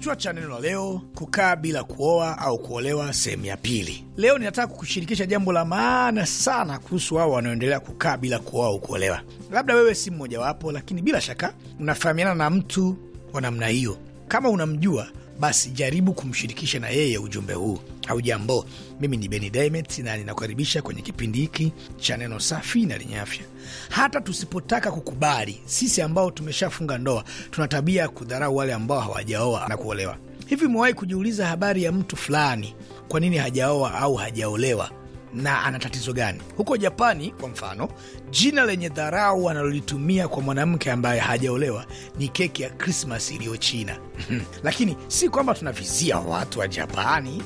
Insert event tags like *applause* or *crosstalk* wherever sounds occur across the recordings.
Kichwa cha neno la leo: kukaa bila kuoa au kuolewa, sehemu ya pili. Leo ninataka kukushirikisha jambo la maana sana kuhusu hao wanaoendelea kukaa bila kuoa au kuolewa. Labda wewe si mmojawapo, lakini bila shaka unafahamiana na mtu wa namna hiyo. Kama unamjua, basi jaribu kumshirikisha na yeye ujumbe huu. au jambo mimi ni Beni Dimet na ninakukaribisha kwenye kipindi hiki cha neno safi na lenye afya. Hata tusipotaka kukubali, sisi ambao tumeshafunga ndoa tuna tabia ya kudharau wale ambao hawajaoa na kuolewa. Hivi mewahi kujiuliza habari ya mtu fulani, kwa nini hajaoa au hajaolewa? na ana tatizo gani. Huko Japani kwa mfano, jina lenye dharau analolitumia kwa mwanamke ambaye hajaolewa ni keki ya Krismas iliyo China. *laughs* Lakini si kwamba tunavizia watu wa Japani.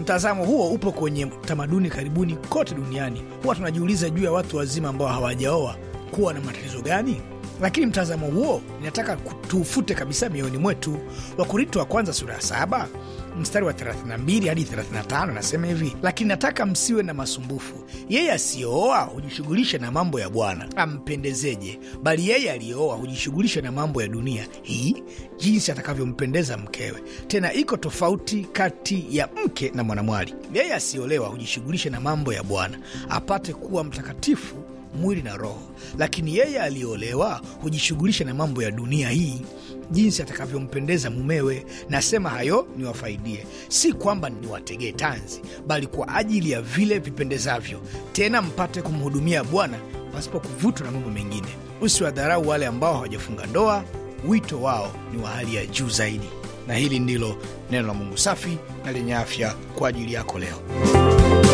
Mtazamo huo upo kwenye tamaduni karibuni kote duniani. Huwa tunajiuliza juu ya watu wazima ambao hawajaoa kuwa na matatizo gani lakini mtazamo huo inataka tuufute kabisa mioyoni mwetu. Wakorinto wa kwanza sura ya saba mstari wa 32 hadi 35 nasema hivi: lakini nataka msiwe na masumbufu. Yeye asiyooa hujishughulishe na mambo ya Bwana ampendezeje, bali yeye aliyooa hujishughulishe na mambo ya dunia hii, jinsi atakavyompendeza mkewe. Tena iko tofauti kati ya mke na mwanamwali. Yeye asiyolewa hujishughulishe na mambo ya Bwana apate kuwa mtakatifu mwili na roho, lakini yeye aliyeolewa hujishughulisha na mambo ya dunia hii, jinsi atakavyompendeza mumewe. Nasema hayo niwafaidie, si kwamba niwategee tanzi, bali kwa ajili ya vile vipendezavyo, tena mpate kumhudumia Bwana pasipo kuvutwa na mambo mengine. Usiwadharau wale ambao hawajafunga ndoa, wito wao ni wa hali ya juu zaidi. Na hili ndilo neno la Mungu safi na lenye afya kwa ajili yako leo.